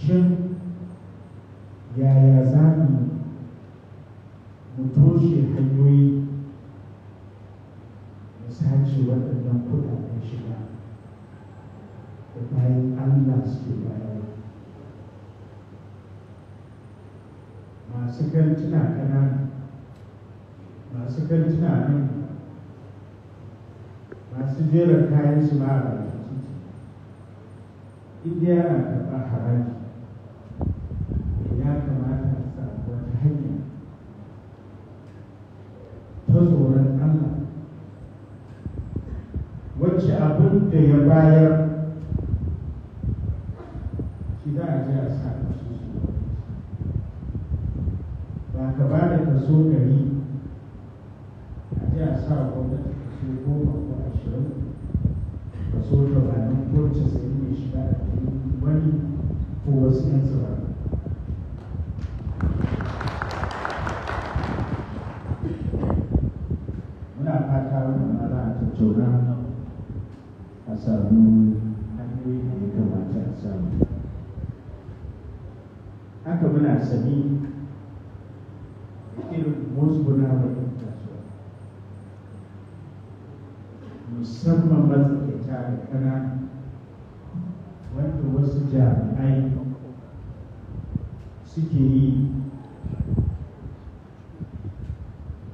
shin yaya za mu toshe hanyoyi mu sace waɗannan kuɗaɗen shiga da bayan allah suke bayar masu kantuna ƙanana masu kantuna nan masu jera kayan su ma a bakin titi indiya na karɓar haraji musamman matsakaita da kana wanda wasu jami'ai suke yi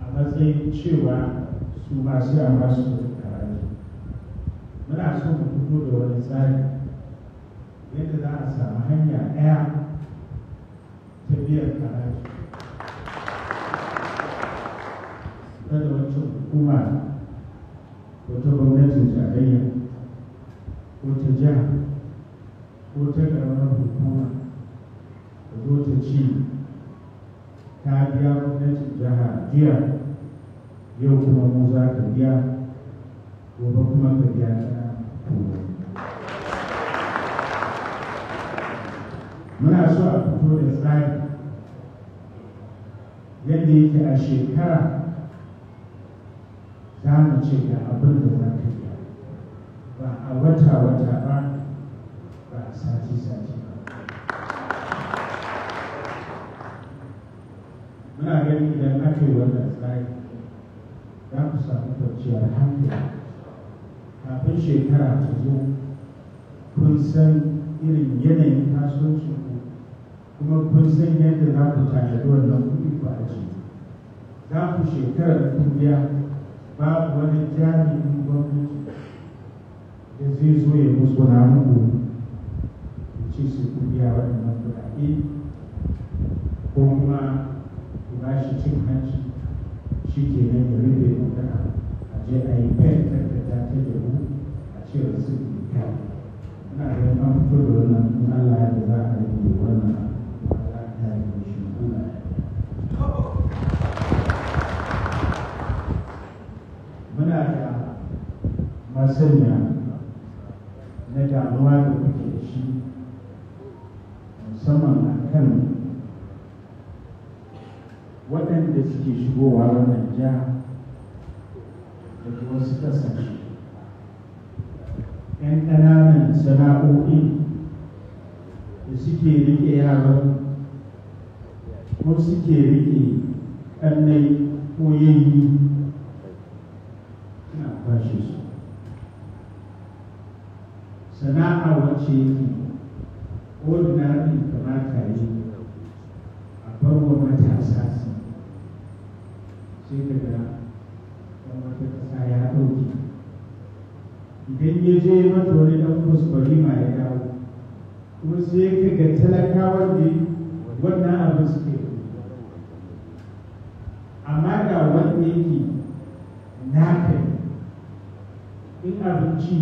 a matsayin cewa su masu amma su muna so mu fito da wani tsari yadda za a samu hanya ɗaya ta biyan karatu da wancan hukuma ko ta gwamnatin tarayya ko ta jiha ko ta ƙaramar hukuma ta zo ta ci ta biya gwamnatin jiha jiya yau kuma mu za ka biya gobe kuma ka biya ta muna so a fito da tsari yadda yake a shekara ta mu ce ga abin da za ka yi ba a wata-wata ba ba a sati-sati ba muna gani idan aka yi wannan tsari za ku samu kwanciyar hankali kafin shekara ta zo kun san irin yanayin kasuwanci kuma kun san yadda za ku tanadi wannan kuɗi ku ajiye za ku shekarar kun biya babu wani jami'in gwamnati da zai zo ya musu na muku da ce su a waɗannan kuɗaɗe ko kuma ku ba shi cin hanci shi ke nan da rufe kuɗa a je a yi fahimtar da ta ta jaru a cewar su ne kawai ina ganin an fito da wannan in Allah da za a rage wannan kuna da masaniya na damuwa da kuke shi musamman a kan waɗanda suke shigowa wannan jiha da kuma su 'yan ƙananan sana'o'i da suke riƙe yaran ko suke riƙe ƙannai ko yanyi. kashe su sana'a wacce yake ordinary kamata yi a farko matasa su sai daga ɗan wata ƙasa ya ɗauki idan ya je mata wani ɗan kuskure ma ya dawo kuma sai ka ga talakawa ne wannan abin suke amma ga wanda yake na kai. in abinci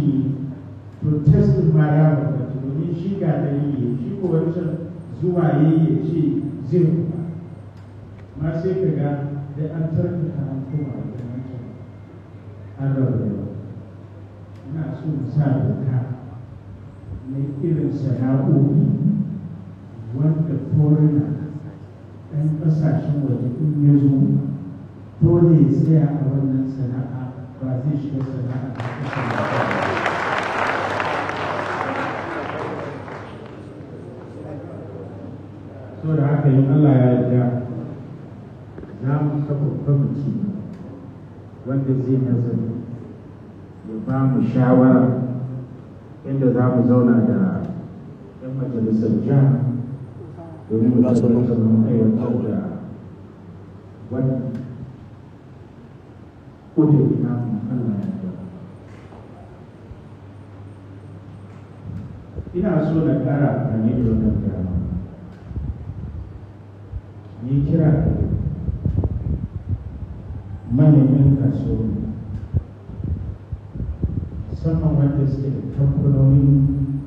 ne to testin ma ya bambanta domin shi ga dalili shi ko wancan zuwa ya ya ce zai kuma ma sai ka ga da an ta an koma da wancan an rarrawa ina so mu sa doka na irin sana'o'i wanda foreigner ɗan ƙasashen waje in ya zo dole ya tsaya a wannan sana'a ba zai shiga sana'a a ƙasar so da haka yin Allah ya yarda za mu kafa kwamiti wanda zai nazari ya ba mu shawara inda za mu zauna da 'yan majalisar jiha domin mu zasu lokacin aiwatar da wannan kudin namu ina so na a amfani da wannan dama ni kira da manyan kasuwanni musamman wanda suke da kamfanoni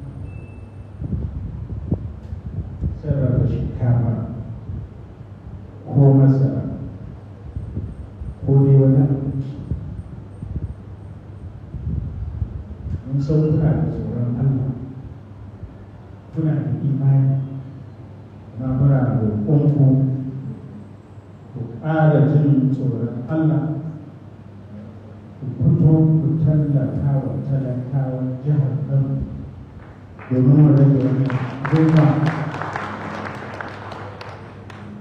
Allah ku fito ku tallata wa talakawan jihar Kano domin mu rage wannan goma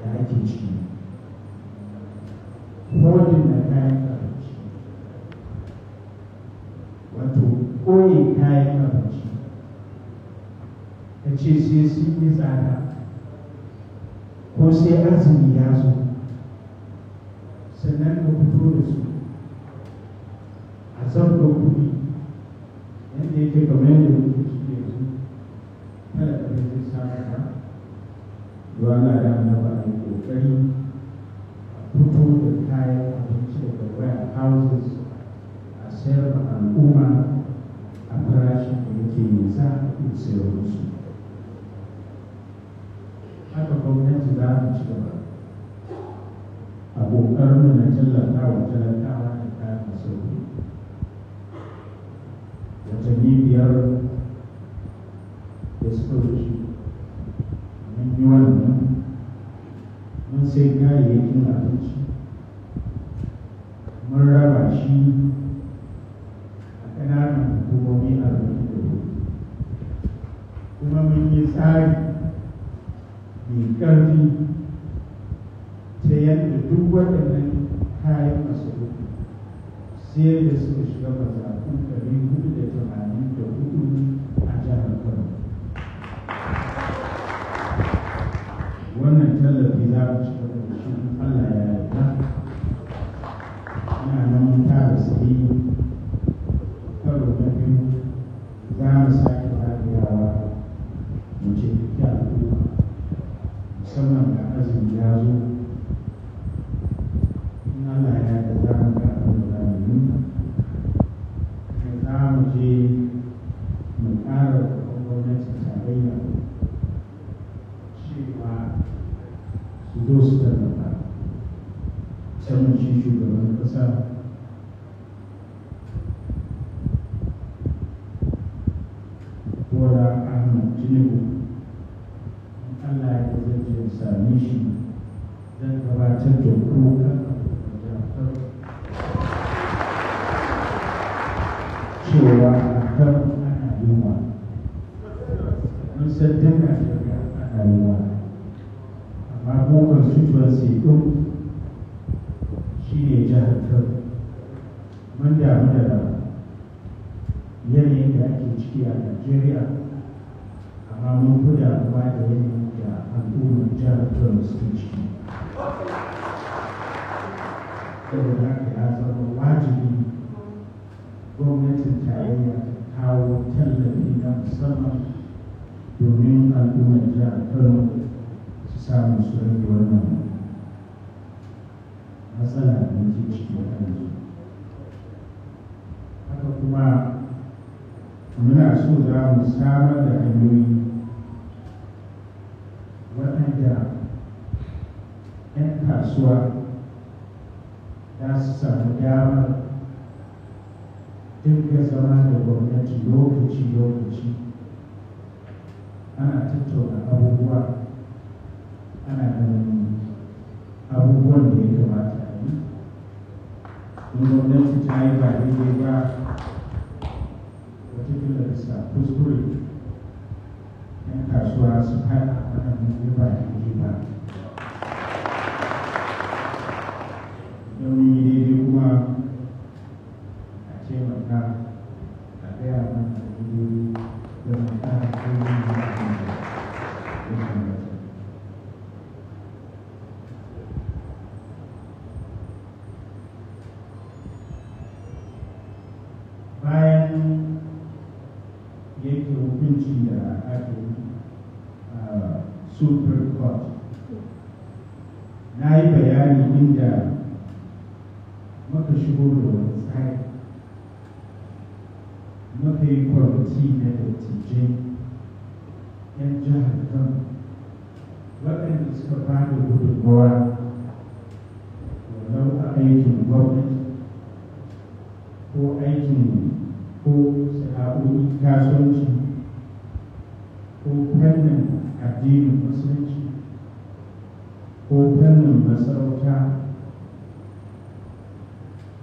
da ake ciki. Hodin na kayan abinci, wato ƙone kayan abinci, ka ce sai sun yi tsada ko sai azumi ya zo. ila sawa dakatar da ku cewa kan ana yunwa nisan daga daga amma shi ne jihar kano mun damu da ake ciki a najeriya amma mun fi damuwa da yanayin da al'ummar jihar kano suke ciki saboda haka ya zama wajibi gwamnatin tarayya ta kawo tallafi na musamman domin al'ummar jihar kano su samu su rage wannan matsala da muke ciki yanzu haka kuma muna so za mu samar da hanyoyi waɗanda 'yan kasuwa za su samu damar dinga zama da gwamnati lokaci-lokaci ana tattauna abubuwa ana ganin abubuwan da ya kamata a yi in gwamnati ta yi ba daidai ba watakila da sa kuskure yan kasuwa su faɗa mana mun yi ba daidai ba masarauta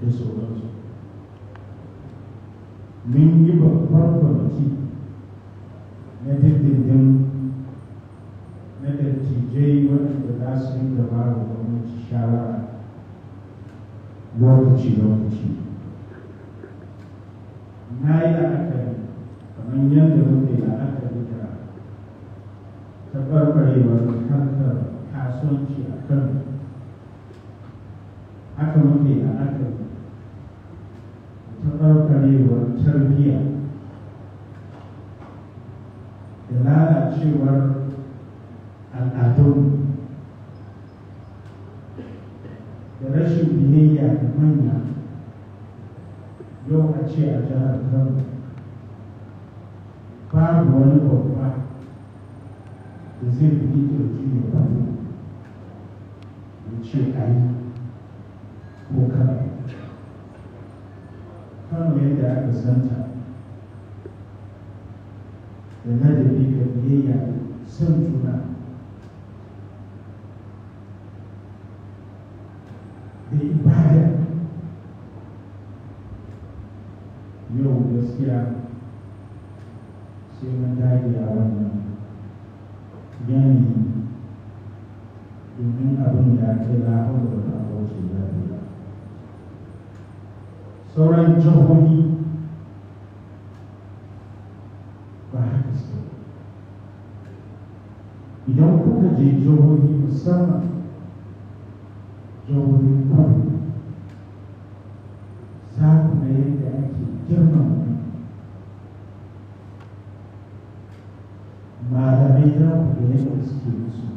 da sauransu mun yi babbar kwamiti na dindindin na dattijai waɗanda za su yi gaba da gwamnati shawara lokaci lokaci na yi la'akari kamar yadda muke la'akari da tabarbarewar harkar kasuwanci a kan ruim para Cristo. Então, quando diz Jogo Sama, Jogo Pão, Saco Meia aqui, Germão. Mas a medida aqui? É que nos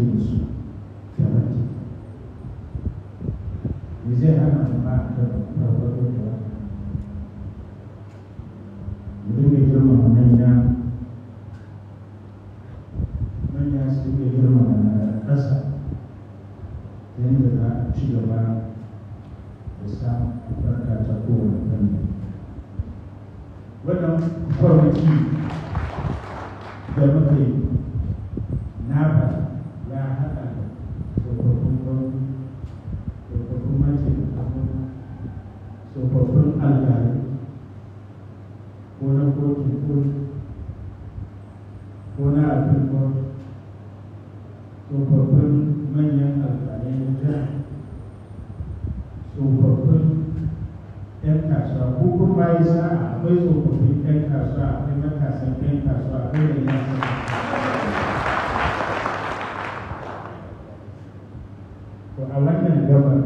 isso. tsofaffin 'yan kasuwa ko kun bayi sa'a akwai tsofaffin 'yan kasuwa akwai matasan 'yan kasuwa akwai da yan to a wannan gabar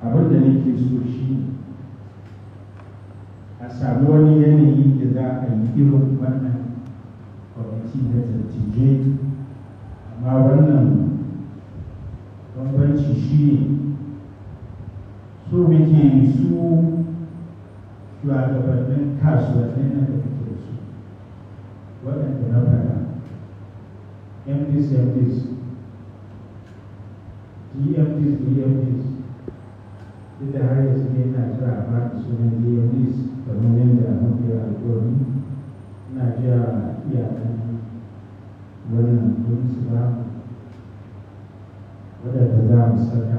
abin da nake so shi a sami wani yanayi da za a yi irin wannan kasuwannin nan da kuke su waɗanda na faɗa mds mds dmds dmds da ne na jira a ba da sunan dmds kamar yadda muke alkawari ina jira iyakan a kudin su ba wadanda za mu saka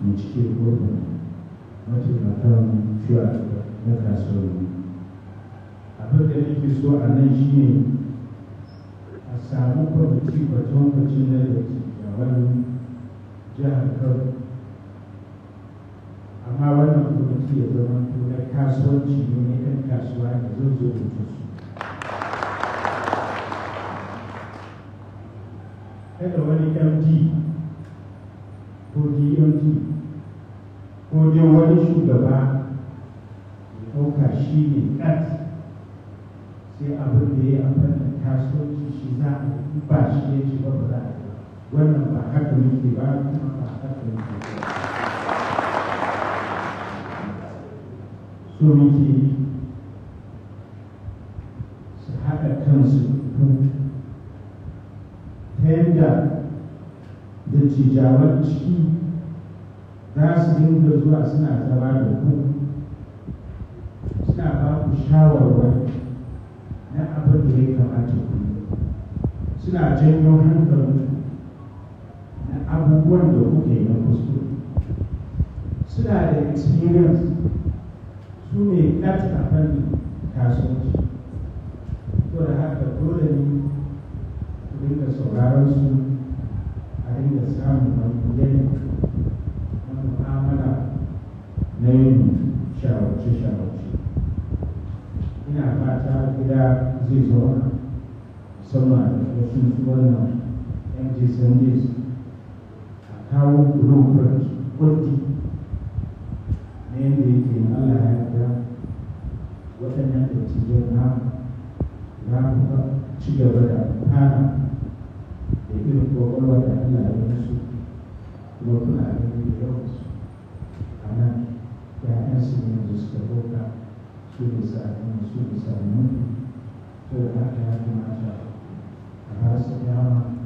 mu cike gurbin mataimakan fiye na kasuwanni abin da nake so a nan shi ne a samu kwamiti kwatankwacin na da wani jihar kano amma wannan kwamiti ya zama na kasuwanci ne na 'yan kasuwa da zan zo da su kada wani md ko dmd ko dai wani shugaba ya ɗauka shi ne ƙat sai abin da ya yi a fannin kasuwanci shi za a yi ba shi ne ci ba ba wannan ba haka muke ba kuma ba haka muke ba so muke su haɗa kansu ta yadda da tijawar ciki za su dinga zuwa suna zama da ku suna ba ku shawarwari da ya kamata ku suna janyo hankalinku na abubuwan da kuke yi na kuskure suna da experience su ne ɗata a fannin kasuwanci ko da haka dole ne ku dinga sauraron su a dinga samun zai zauna musamman wasu wannan yan jisanjis a kawo blueprint kudi na yadda yake allah ya yarda waɗannan dattijan na za ku ci gaba da kana da irin kwakwalwa da allah ya musu kuma kuna gani da yawansu a nan ya'yansu ne da suka ɗauka su ne sa'adun su ne sa'adun saudara ada di mana harus setiawan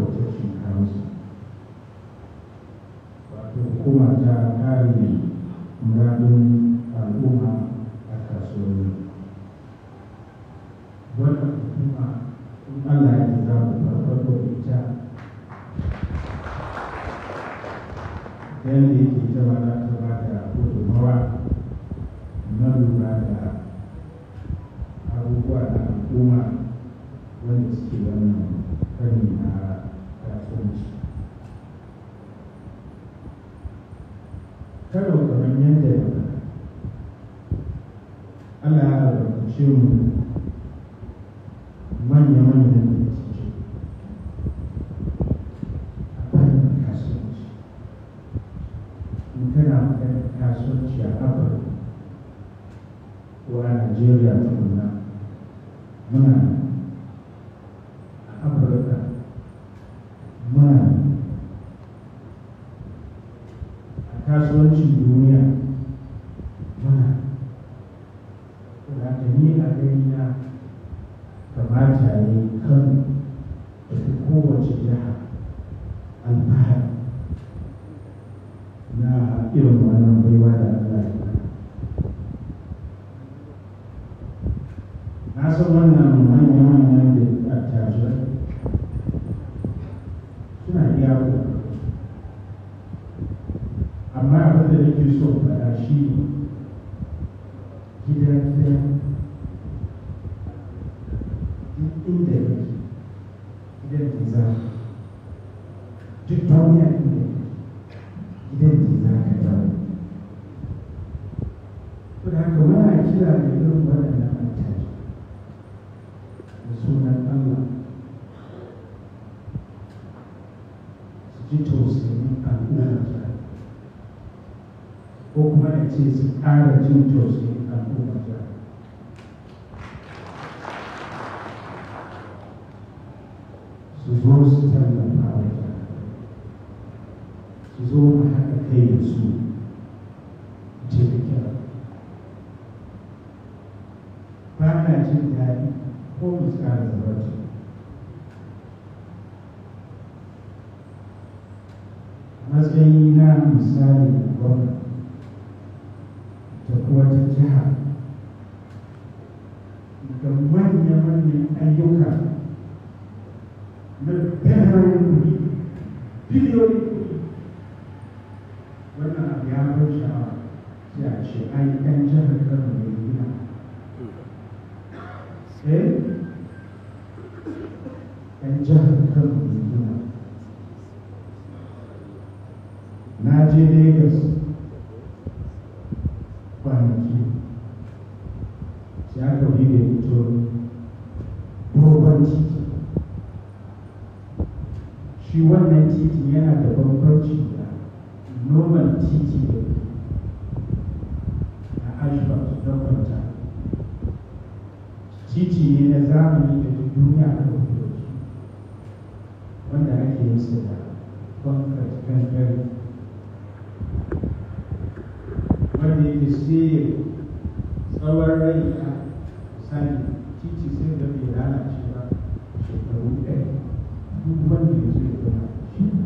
lokacin kansu wato hukuma ta kare muradun al'umma a kasuwanni wannan hukuma in allah ya za mu farfaɗo ita yadda yake ta ba ta ba da gudunmawa children. Manya, manya, manya. ko kuma na ce su ƙara jin kan kuma jihar su zo su tallafa wa su zo mu haɗa kai da su yusir tsawon rai a sani titi sai da bai lalace ba shekaru ɗaya duk wanda ya zo ya gaba shi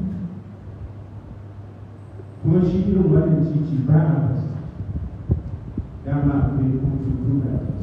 kuma shi irin wannan titi ba a fasa dama akwai kuma tuntuna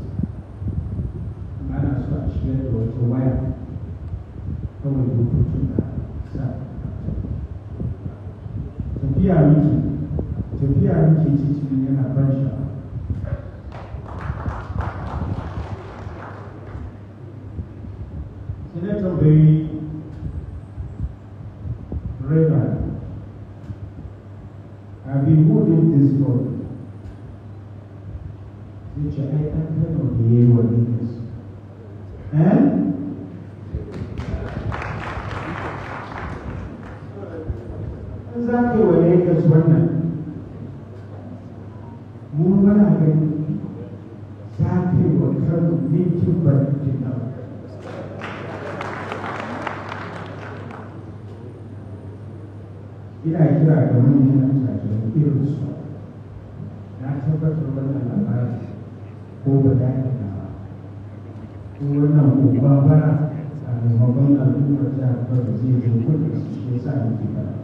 ko ba da ko wannan ba bara a maimakon zai je kudu shi yasa nake fara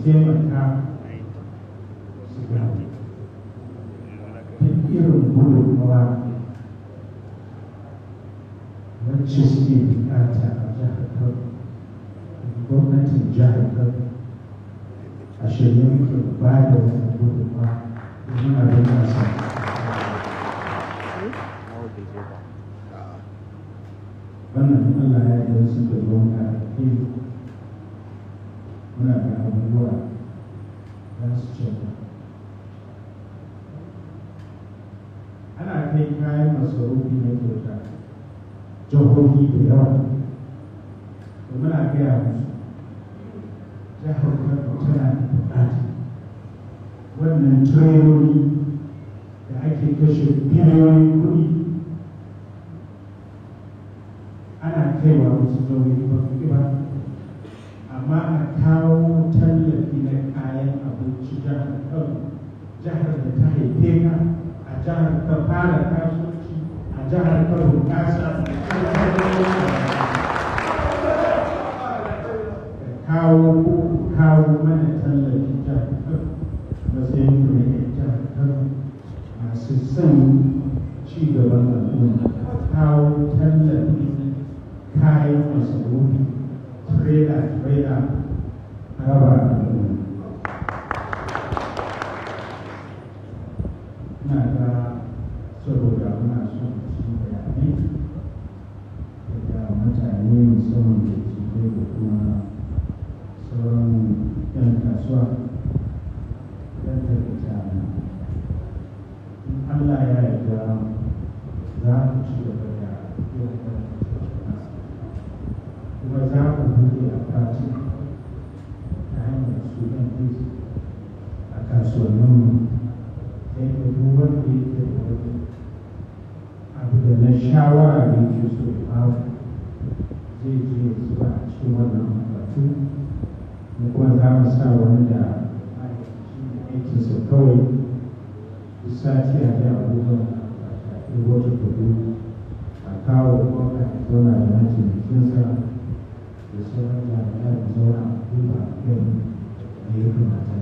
taimaka su wacce suke a jihar kano gwamnatin jihar kano a shirin ba da wani gudunma domin a don wannan allah ya yi su da da abubuwa su ana kai kayan masarufi na kyauta da yawa domin a gaya wannan tireloli da ake kashe biliyoyin kudi ana kaiwa wasu nauyi ba ba amma a kawo tallafi na kayan abinci jihar kano jihar da ta haife ka a jihar ta fara kasuwanci a jihar ka bunƙasa da kawo são cikin wannan batu mu kuma za mu sa wanda aikinsa kawai sati a ga abubuwan da shafi wata kudu a kawo kuma a zauna da mataimakinsa da sauran jami'ai da zauna a duba a kan da ya kamata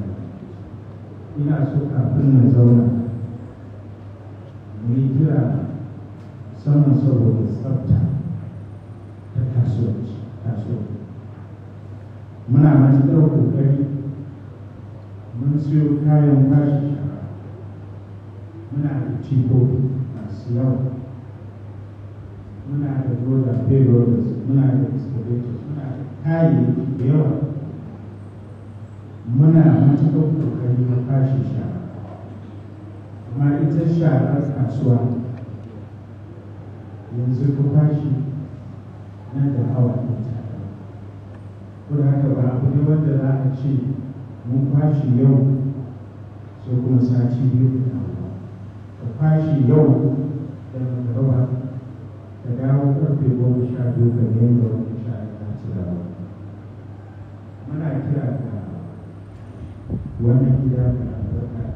ina so kafin na zauna mu yi kira musamman saboda masu ɗau kokari mun siyo kayan bashi shara muna da tiko masu yawa muna da roda pay muna da excavators muna da kayayyaki da yawa muna matuƙar kokari na bashi shara amma ita shara kasuwa yanzu ka bashi nan da hawa ɗaya ko da haka ba abu ne wanda za a ce mun kwashi yau sai kuma sati biyu da ka kwashi yau da magarwa ka dawo karfe goma sha biyu ka nemi da wani sha'i ta su dawo muna kira ga wannan gida da albarka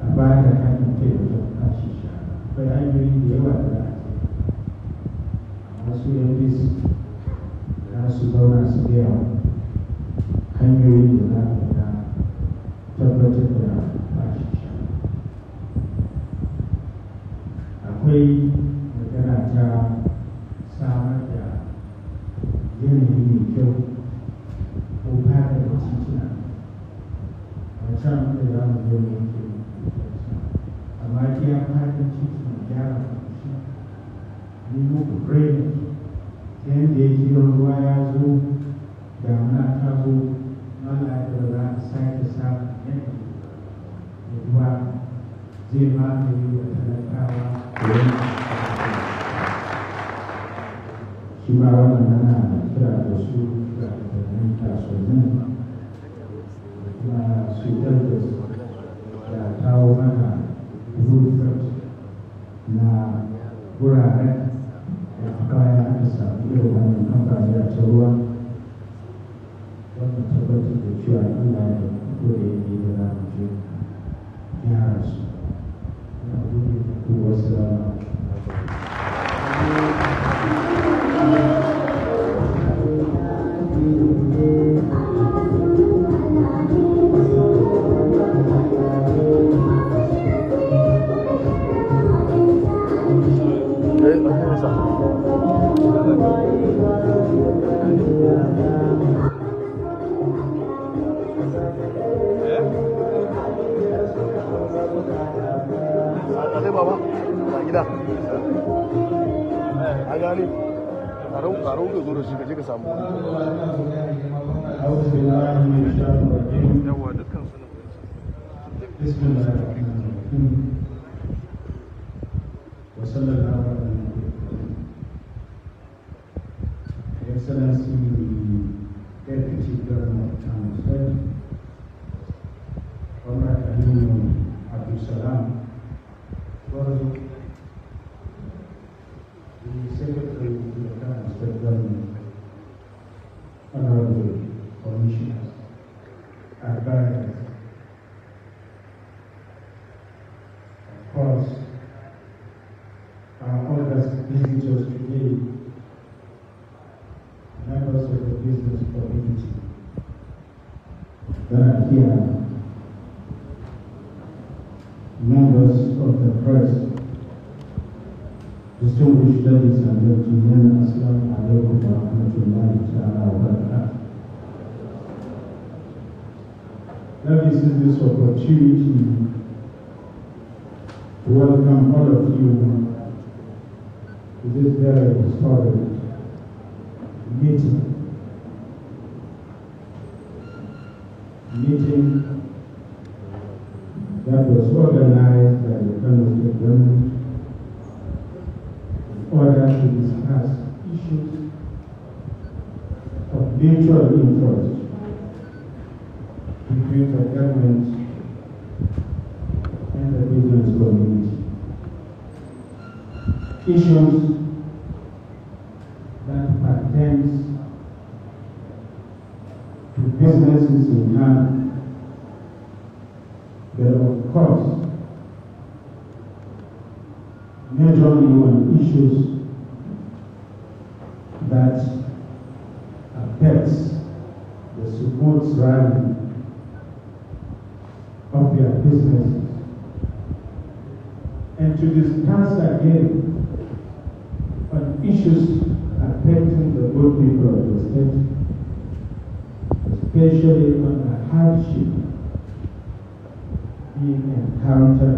a baya da hannun kai wajen kwashi sha akwai hanyoyi da yawa da za a ce a wasu yan bisu su zauna su gaya hanyoyin da za a da tabbatar da bashi akwai magana ta samar da yanayi mai kyau ko kare da titina a can da za mu zo ne ke amma ya kare titina gyara kamshi ne muku brain yadda yake don ruwa ya zo damuna ta zo Allah da za a sake samun yanayi da ruwa zai magani wa talakawa shi ba wannan الله الرحمن الرحيم وصلى الله على Excellency Deputy Governor of Town State, Comrade Abdul Salam, parents, and the business community. Issues that pertains to businesses in Ghana Being a encountered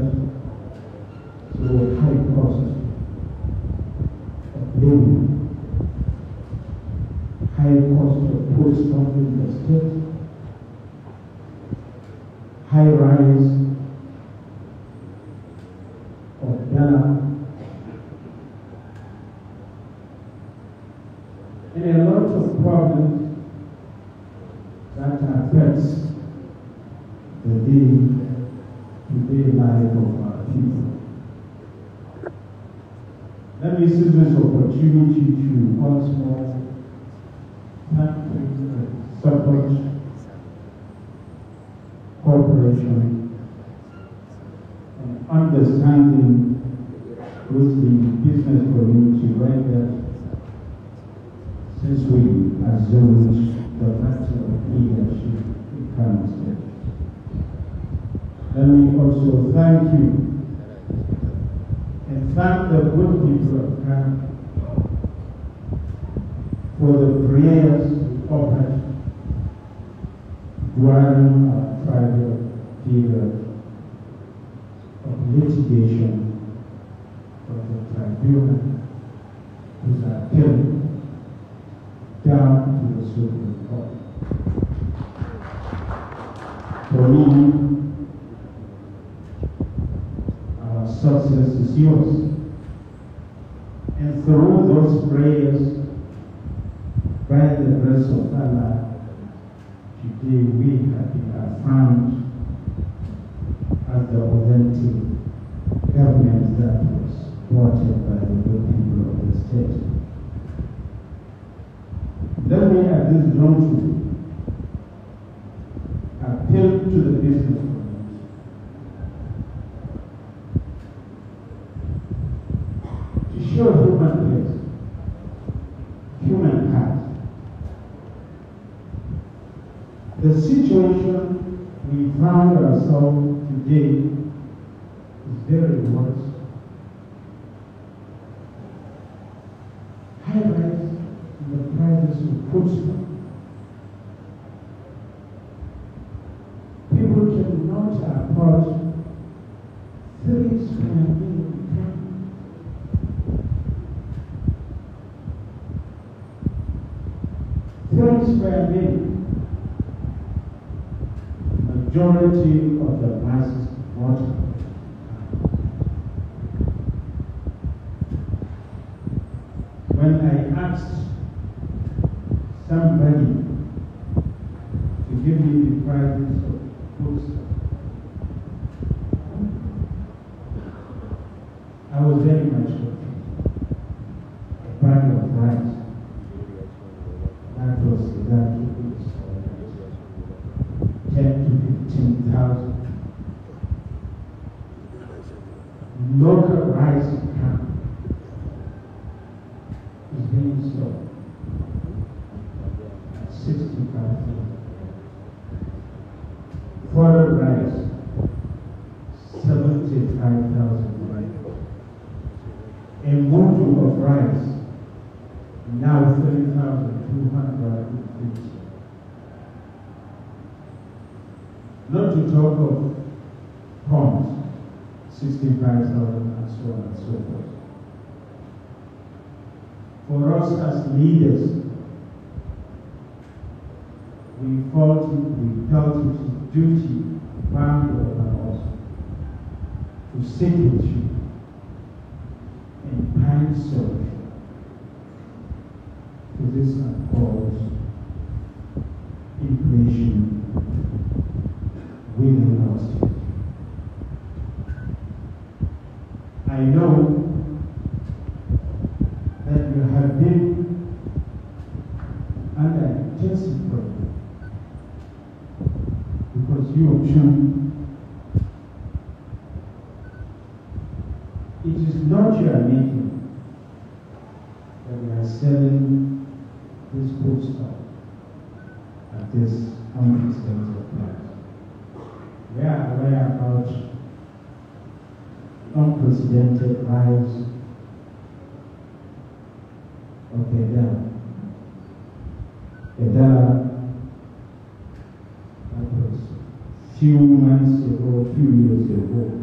Surplus cooperation and understanding with the business community right that since we assumed the matter of leadership in Kano State. Let me also thank you and thank the good people of Kano for the prayers offered one uh, trial period of litigation for the tribunal whose appeal down to the Supreme Court. For me, our success is yours. And through those prayers, by the grace of Allah, today we have been affirmed as the authentic government that was supported by the good people of the state. Let me at this juncture appeal to the business community. To show human grace The situation we find ourselves today is very worrisome. authority price, 75,000 rand. A module of rice, now 3,250. Not to talk of pounds, 65,000 and so on and so forth. For us as leaders, we fall to, we felt it duty value of an to sit with you and find solution to this matter. there are that was few months ago, few years ago,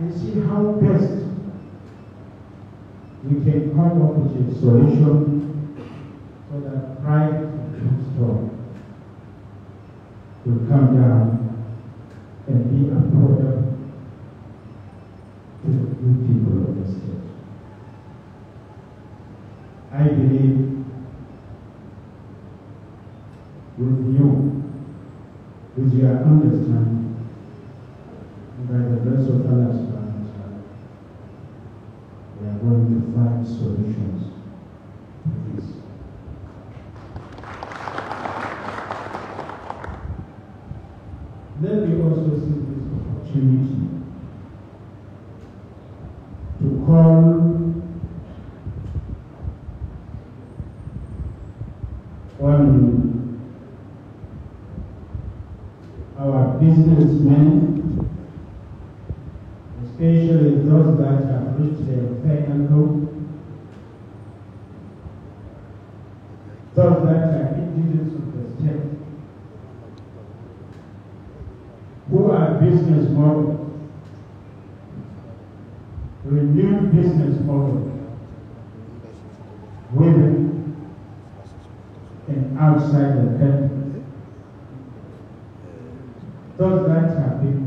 and see how best we can come up with a solution so that pride and will come down and be a product to the good people of the state. I believe with you, with your understanding,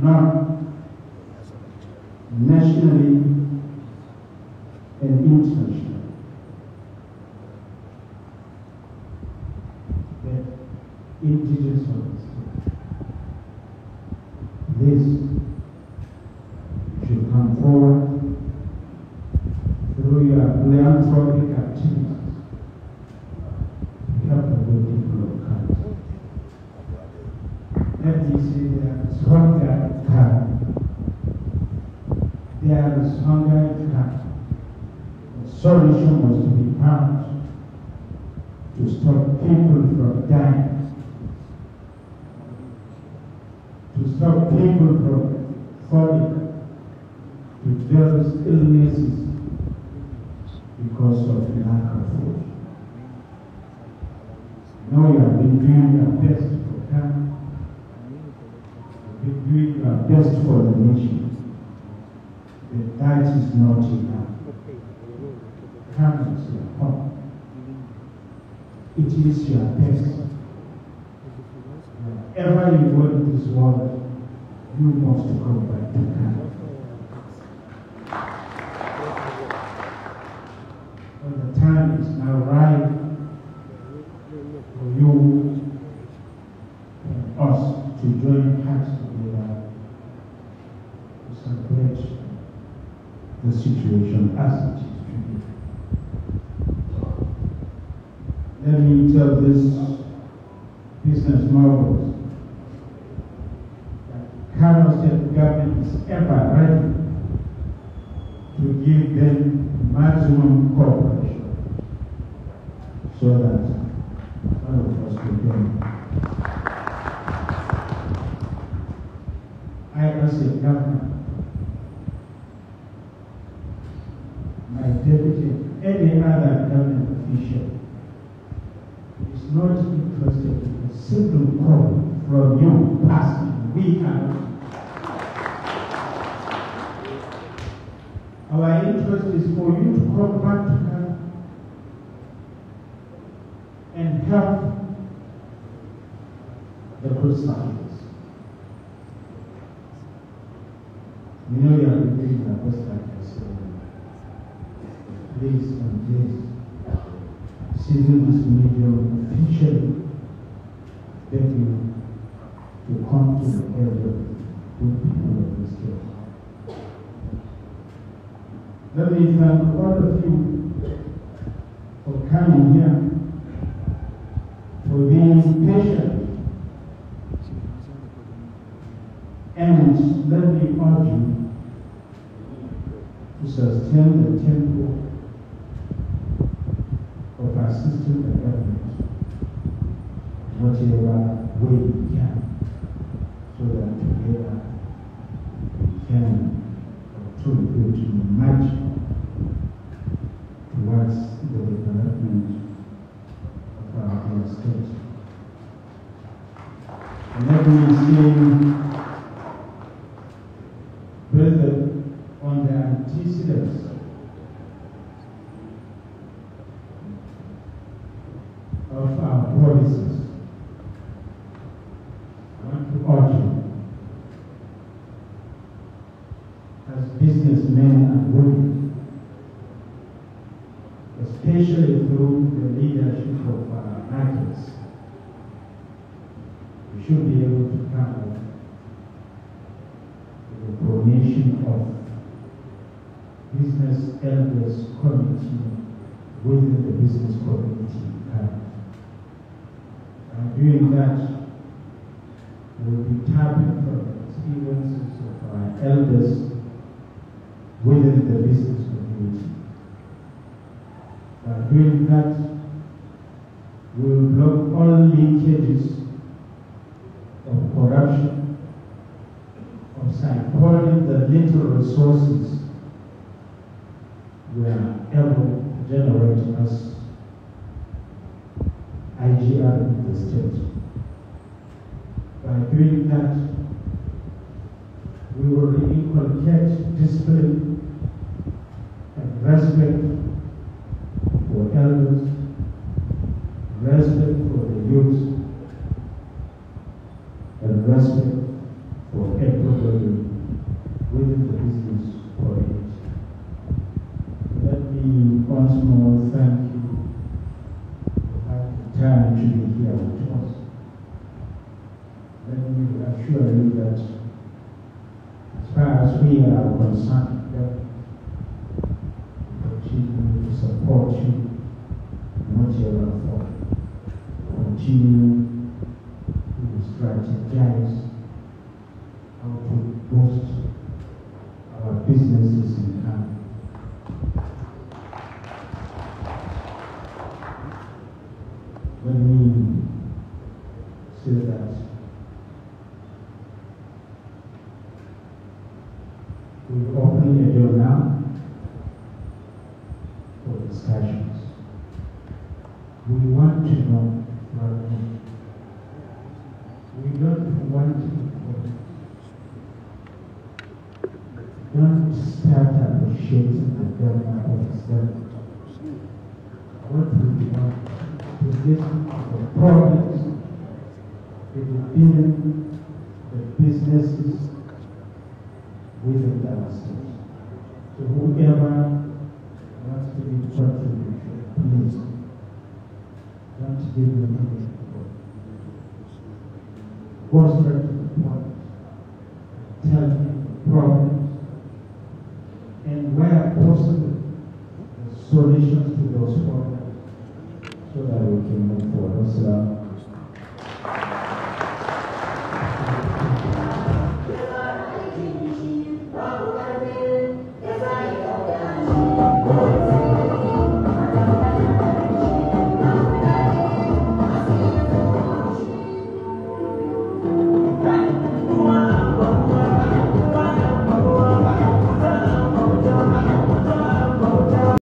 not nationally situation as it is today. Let me tell this business models that Kano State government is ever ready to give them maximum cooperation so that all of us can join. I as a government you pass We cannot. Our interest is for you to come back to Ghana and help the crusaders. We know you are believing the hostages. Please, and please, Susan must make your official opposite area where people were just killed. That is uh, quite a few for coming here for being patient. And let me urge you to sustain the temple. elders within the business community. By doing that, we will block all linkages of corruption, of siphoning the little resources we are able to generate as Spirit. to that. We open your door now.